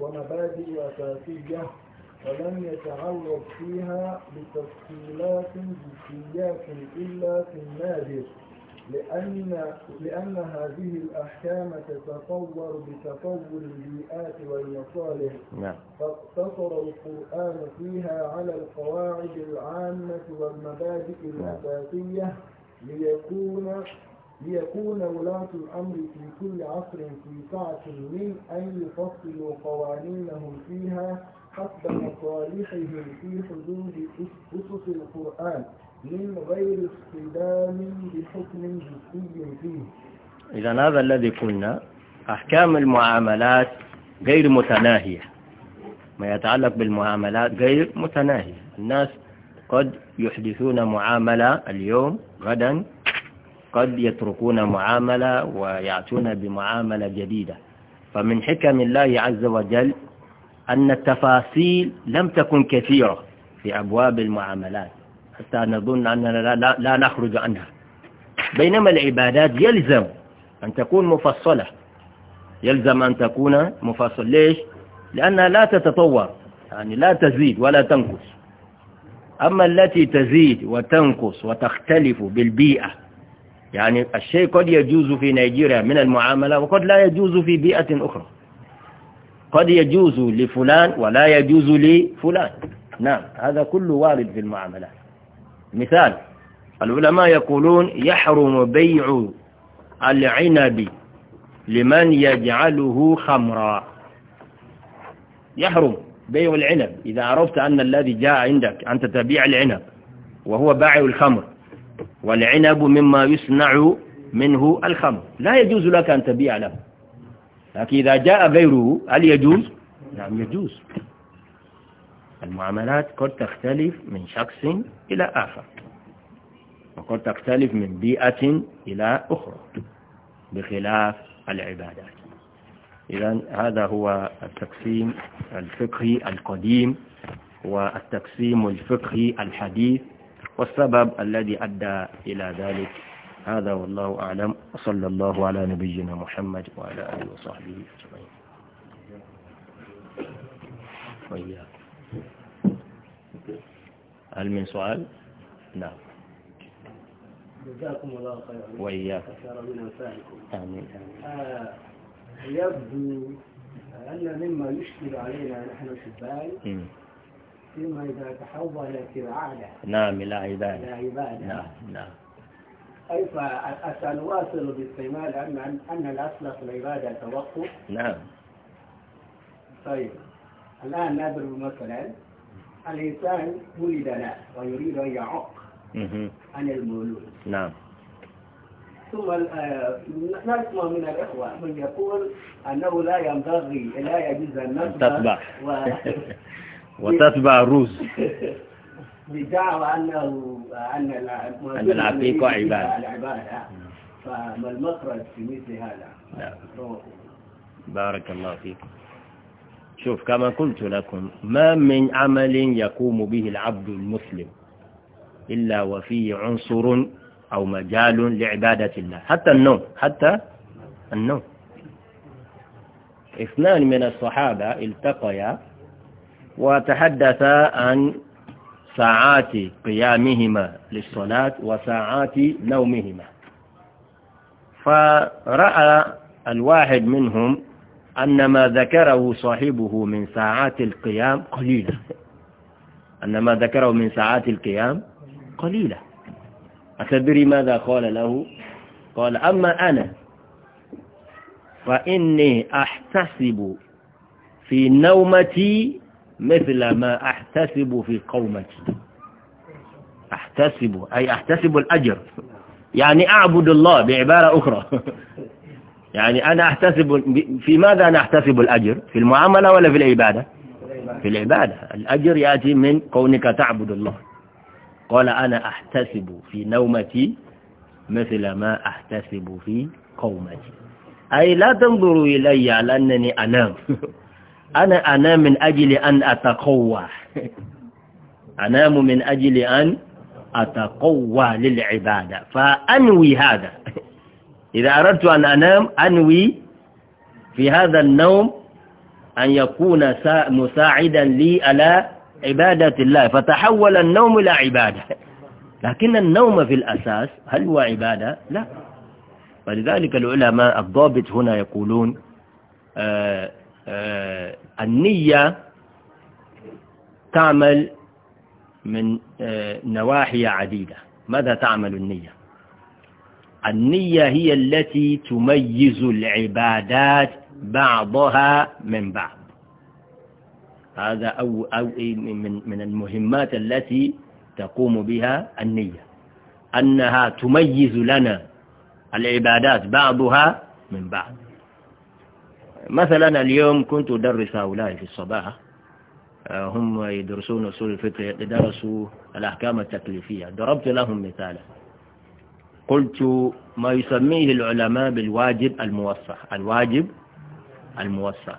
ومبادئ أساسية ولم يتعرض فيها لتفصيلات جزئيات إلا في النادر لأن, لأن هذه الأحكام تتطور بتطور البيئات والمصالح نعم. فاقتصر القرآن فيها على القواعد العامة والمبادئ نعم. الأساسية ليكون ليكون ولاة الأمر في كل عصر في سعة من أن يفصلوا قوانينهم فيها حسب مصالحهم في حدود أسس القرآن من غير اصطدام بحكم جزئي فيه إذا هذا الذي قلنا أحكام المعاملات غير متناهية ما يتعلق بالمعاملات غير متناهية الناس قد يحدثون معاملة اليوم غدا قد يتركون معاملة ويأتون بمعاملة جديدة فمن حكم الله عز وجل أن التفاصيل لم تكن كثيرة في أبواب المعاملات حتى نظن أننا لا, لا, نخرج عنها بينما العبادات يلزم أن تكون مفصلة يلزم أن تكون مفصلة ليش؟ لأنها لا تتطور يعني لا تزيد ولا تنقص أما التي تزيد وتنقص وتختلف بالبيئة يعني الشيء قد يجوز في نيجيريا من المعاملة وقد لا يجوز في بيئة أخرى قد يجوز لفلان ولا يجوز لفلان نعم هذا كله وارد في المعاملات مثال العلماء يقولون يحرم بيع العنب لمن يجعله خمرا يحرم بيع العنب إذا عرفت أن الذي جاء عندك أنت تبيع العنب وهو باع الخمر والعنب مما يصنع منه الخمر لا يجوز لك أن تبيع له لكن إذا جاء غيره هل يجوز؟ نعم يجوز المعاملات قد تختلف من شخص إلى آخر وقد تختلف من بيئة إلى أخرى بخلاف العبادات إذا هذا هو التقسيم الفقهي القديم والتقسيم الفقهي الحديث والسبب الذي أدى إلى ذلك هذا والله أعلم وصلى الله على نبينا محمد وعلى آله وصحبه أجمعين هل من سؤال؟ نعم جزاكم الله خيرا وإياك من آمين آه، يبدو أن مما يشكل علينا نحن الشبان فيما إذا تحول إلى عادة نعم إلى عبادة إلى عبادة نعم نعم كيف سنواصل باستعمال أن أن الأصل في العبادة التوقف نعم طيب الآن نضرب مثلا الإنسان ولد لا ويريد أن يعق عن المولود نعم ثم آه، نسمع من الإخوة من يقول أنه لا ينبغي لا يجوز أن تتبع و... (laughs) وتتبع الروس (laughs) بدعوى أنه أن العقيق عبادة العبادة فما المخرج في مثل هذا؟ نعم. بارك الله فيك شوف كما قلت لكم ما من عمل يقوم به العبد المسلم إلا وفيه عنصر أو مجال لعبادة الله حتى النوم حتى النوم اثنان من الصحابة التقيا وتحدثا عن ساعات قيامهما للصلاة وساعات نومهما فرأى الواحد منهم أن ما ذكره صاحبه من ساعات القيام قليلة أن ما ذكره من ساعات القيام قليلة أتدري ماذا قال له قال أما أنا فإني أحتسب في نومتي مثل ما أحتسب في قومتي أحتسب أي أحتسب الأجر يعني أعبد الله بعبارة أخرى (laughs) يعني أنا أحتسب في ماذا أنا أحتسب الأجر في المعاملة ولا في العبادة في العبادة الأجر يأتي من كونك تعبد الله قال أنا أحتسب في نومتي مثل ما أحتسب في قومتي أي لا تنظروا إلي على أنني أنام (laughs) أنا أنام من أجل أن أتقوى أنام من أجل أن أتقوى للعبادة فأنوي هذا إذا أردت أن أنام أنوي في هذا النوم أن يكون مساعدا لي على عبادة الله فتحول النوم إلى عبادة لكن النوم في الأساس هل هو عبادة؟ لا فلذلك العلماء الضابط هنا يقولون آه، آه، النية تعمل من آه، نواحي عديدة ماذا تعمل النية النية هي التي تميز العبادات بعضها من بعض هذا أو أو من من المهمات التي تقوم بها النية أنها تميز لنا العبادات بعضها من بعض مثلا اليوم كنت أدرس هؤلاء في الصباح آه، هم يدرسون أصول الفقه درسوا الأحكام التكليفية ضربت لهم مثالا قلت ما يسميه العلماء بالواجب الموسع الواجب الموسع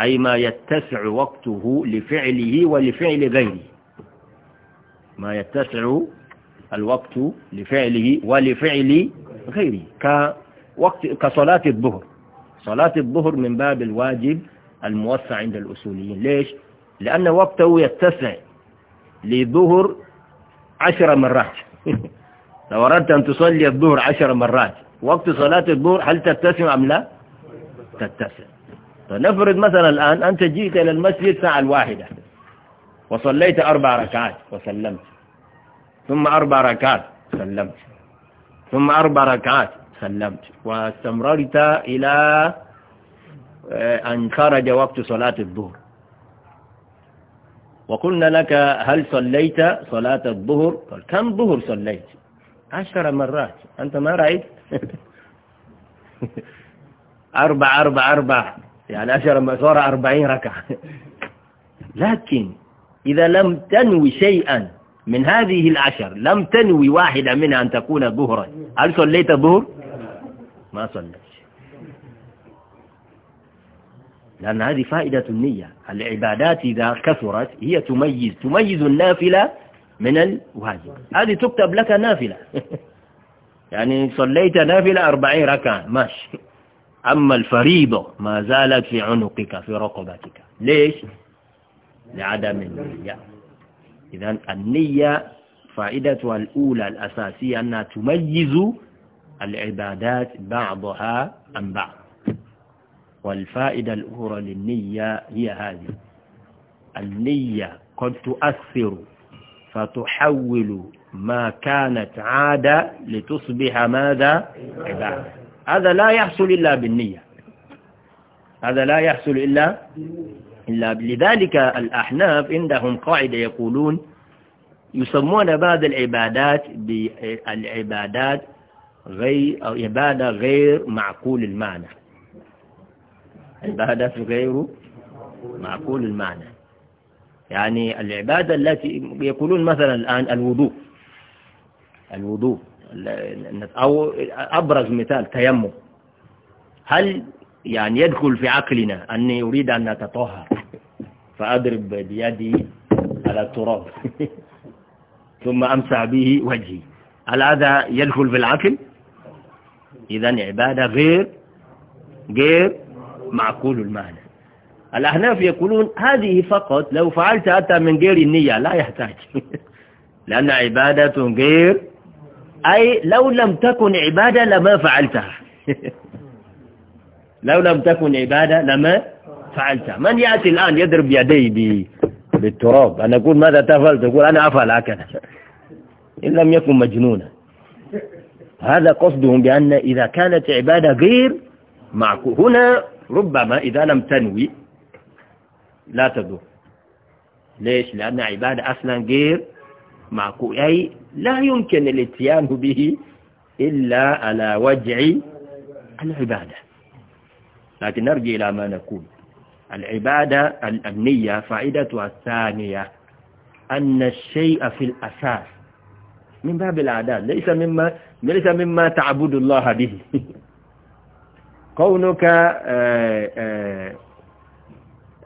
أي ما يتسع وقته لفعله ولفعل غيره ما يتسع الوقت لفعله ولفعل غيره كوقت كصلاة الظهر صلاة الظهر من باب الواجب الموسع عند الأصوليين ليش؟ لأن وقته يتسع لظهر عشر مرات (laughs) لو أردت أن تصلي الظهر عشر مرات وقت صلاة الظهر هل تتسع أم لا تتسع فنفرض مثلا الآن أنت جئت إلى المسجد ساعة الواحدة وصليت أربع ركعات وسلمت ثم أربع ركعات سلمت ثم أربع ركعات سلمت واستمررت إلى آه، أن خرج وقت صلاة الظهر وقلنا لك هل صليت صلاة الظهر قال كم ظهر صليت عشر مرات أنت ما رأيت (laughs) أربع أربع أربع يعني عشر صار أربعين ركعة (laughs) لكن إذا لم تنوي شيئا من هذه العشر لم تنوي واحدة منها أن تكون ظهرا هل صليت ظهر ما صليت لأن هذه فائدة النية العبادات إذا كثرت هي تميز تميز النافلة من الواجب هذه تكتب لك نافلة (laughs) يعني صليت نافلة أربعين ركعة ماشي أما الفريضة ما زالت في عنقك في رقبتك ليش؟ لعدم النية إذا النية فائدتها الأولى الأساسية أنها تميز العبادات بعضها عن بعض والفائدة الأخرى للنية هي هذه النية قد تؤثر فتحول ما كانت عادة لتصبح ماذا عبادة هذا لا يحصل إلا بالنية هذا لا يحصل إلا إلا لذلك الأحناف عندهم قاعدة يقولون يسمون بعض العبادات بالعبادات غير عبادة غير معقول المعنى عبادة غير معقول المعنى يعني العبادة التي يقولون مثلا الآن الوضوء الوضوء أو أبرز مثال تيمم هل يعني يدخل في عقلنا أني أريد أن أتطهر فأضرب بيدي على التراب (laughs) ثم أمسح به وجهي هل هذا يدخل في العقل إذا عبادة غير غير معقول المعنى الأحناف يقولون هذه فقط لو فعلت أتى من غير النية لا يحتاج (laughs) لأن عبادة غير أي لو لم تكن عبادة لما فعلتها (laughs) لو لم تكن عبادة لما فعلتها من يأتي الآن يضرب يديه بالتراب أنا أقول ماذا تفعل تقول أنا أفعل هكذا (laughs) إن لم يكن مجنونا هذا قصدهم بأن إذا كانت عبادة غير معكو هنا ربما إذا لم تنوي لا تدور ليش لأن عبادة أصلا غير معكو أي لا يمكن الاتيان به إلا على وجع العبادة لكن نرجع إلى ما نقول العبادة الأمنية فائدتها الثانية أن الشيء في الأساس من باب العداد ليس مما ليس مما تعبد الله به (laughs) كونك آه، آه،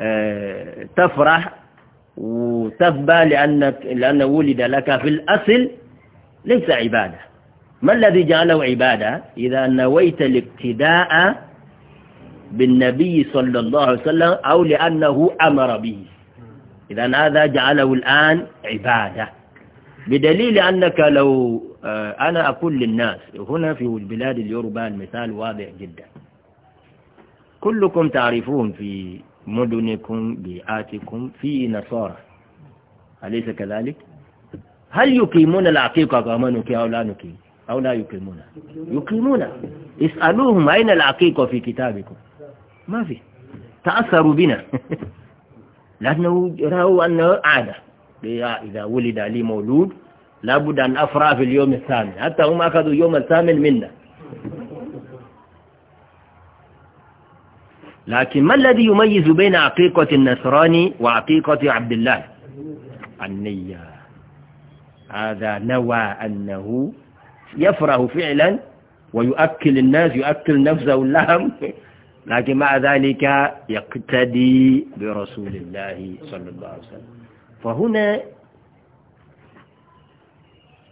آه، تفرح وتفبى لأنك لأنه ولد لك في الأصل ليس عبادة ما الذي جعله عبادة إذا نويت الاقتداء بالنبي صلى الله عليه وسلم أو لأنه أمر به إذا هذا جعله الآن عبادة بدليل أنك لو آه، أنا أقول للناس هنا في البلاد اليوروبا المثال واضح جدا كلكم تعرفون في مدنكم بيئاتكم في نصارى أليس كذلك؟ هل يقيمون العقيقة كما نقيم أو لا نقيم أو لا يقيمونها يقيمونها اسألوهم أين العقيقة في كتابكم ما في تأثروا بنا (laughs) لأنه رأوا أنه عادة يا إذا ولد لي مولود لابد أن أفرع في اليوم الثامن حتى هم أخذوا يوم الثامن منا لكن ما الذي يميز بين عقيقة النصراني وعقيقة عبد الله النية هذا نوى أنه يفرح فعلا ويؤكل الناس يؤكل نفسه اللهم لكن مع ذلك يقتدي برسول الله صلى الله عليه وسلم فهنا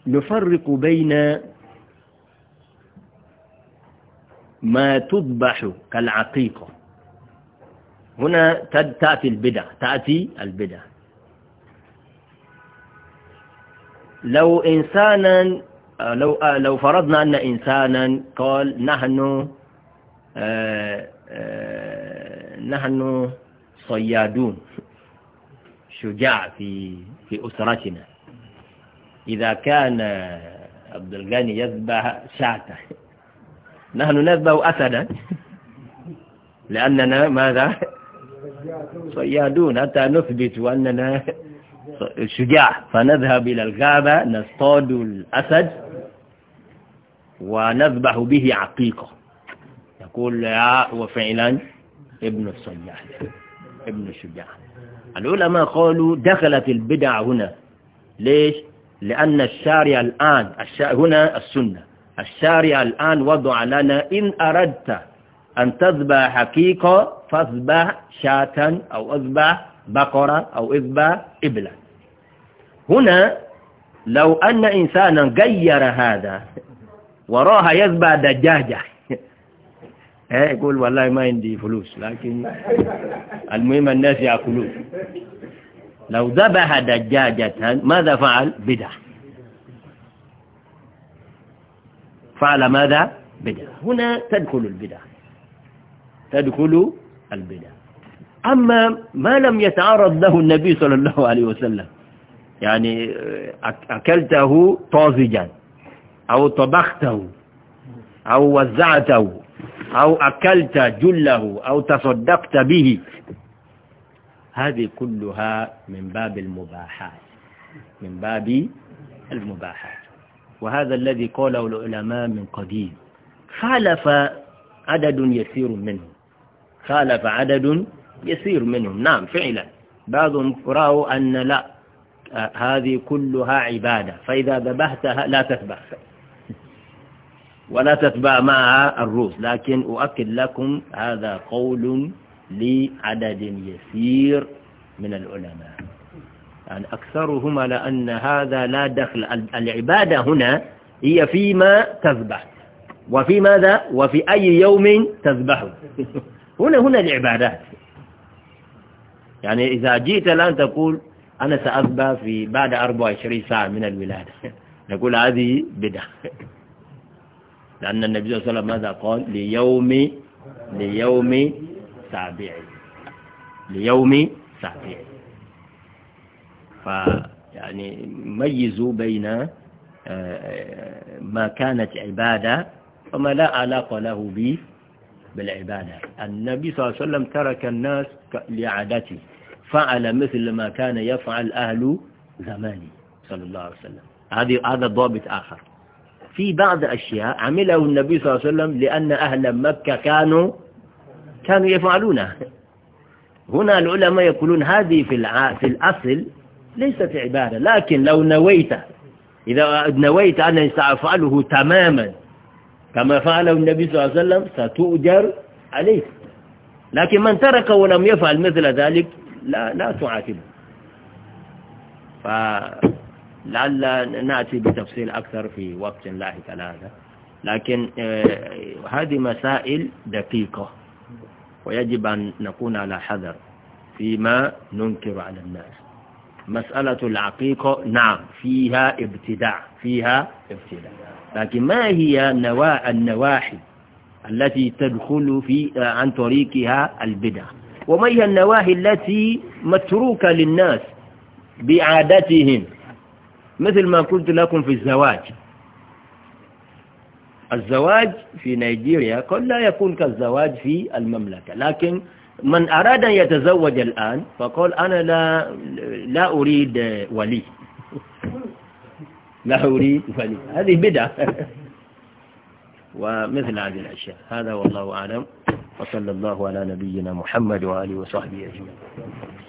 نفرق بين ما تذبح كالعقيقة هنا تأتي البدع تأتي البدع لو إنسانا لو لو فرضنا أن إنسانا قال نحن آآ آه، آآ آه، نحن صيادون شجاع في في أسرتنا إذا كان عبد الغني يذبح شاته نحن نذبح أسدا لأننا ماذا صيادون حتى نثبت أننا شجاع فنذهب إلى الغابة نصطاد الأسد ونذبح به عقيقة يقول يا وفعلا ابن الصياد ابن الشجاع العلماء قالوا دخلت البدع هنا ليش؟ لأن الشارع الآن الشارع هنا السنة الشارع الآن وضع لنا إن أردت أن تذبح حقيقة فاذبح شاة أو اذبح بقرة أو اذبح إبلا هنا لو أن إنسانا غير هذا وراها يذبح دجاجة Eh, يقول والله ما عندي فلوس لكن المهم الناس يأكلون لو ذبح دجاجة ماذا فعل بدع فعل ماذا بدع هنا تدخل البدع تدخل البدع أما ما لم يتعرض له النبي صلى الله عليه وسلم يعني أكلته طازجا أو طبخته أو وزعته أو أكلت جله أو تصدقت به هذه كلها من باب المباحات من باب المباحات وهذا الذي قاله العلماء من قديم خالف عدد يسير منهم خالف عدد يسير منهم نعم فعلا بعضهم رأوا أن لا هذه كلها عبادة فإذا ذبحتها لا تذبح ولا تتبع معها الروس لكن أؤكد لكم هذا قول لعدد يسير من العلماء يعني أكثرهم على أن هذا لا دخل العبادة هنا هي فيما تذبح وفي ماذا وفي أي يوم تذبح (laughs) هنا هنا العبادات يعني إذا جئت الآن تقول أنا سأذبح في بعد 24 ساعة من الولادة (laughs) نقول هذه بدعة (laughs) لأن النبي صلى الله عليه وسلم ماذا قال ليوم ليوم سابع ليوم سابع فيعني ميزوا بين آه، آه، ما كانت عبادة وما لا علاقة له به بالعبادة النبي صلى الله عليه وسلم ترك الناس لعادته فعل مثل ما كان يفعل أهل زمانه صلى الله عليه وسلم هذا ضابط آخر في بعض أشياء عمله النبي صلى الله عليه وسلم لأن أهل مكة كانوا كانوا يفعلونها هنا العلماء يقولون هذه في, في الأصل ليست عبادة لكن لو نويت إذا نويت أن سأفعله تماما كما فعله النبي صلى الله عليه وسلم ستؤجر عليه لكن من ترك ولم يفعل مثل ذلك لا, لا تعاتبه ف... لعل نأتي بتفصيل أكثر في وقت لاحق على هذا لكن آه، هذه مسائل دقيقة ويجب أن نكون على حذر فيما ننكر على الناس مسألة العقيقة نعم فيها ابتداع فيها ابتداع لكن ما هي نوا... النواحي التي تدخل في آه، عن طريقها البدع وما هي النواحي التي متروكة للناس بعادتهم مثل ما قلت لكم في الزواج الزواج في نيجيريا قد لا يكون كالزواج في المملكة لكن من أراد أن يتزوج الآن فقال أنا لا, لا أريد ولي لا أريد ولي هذه بدعة ومثل هذه الأشياء هذا والله أعلم وصلى الله على نبينا محمد وآله وصحبه أجمعين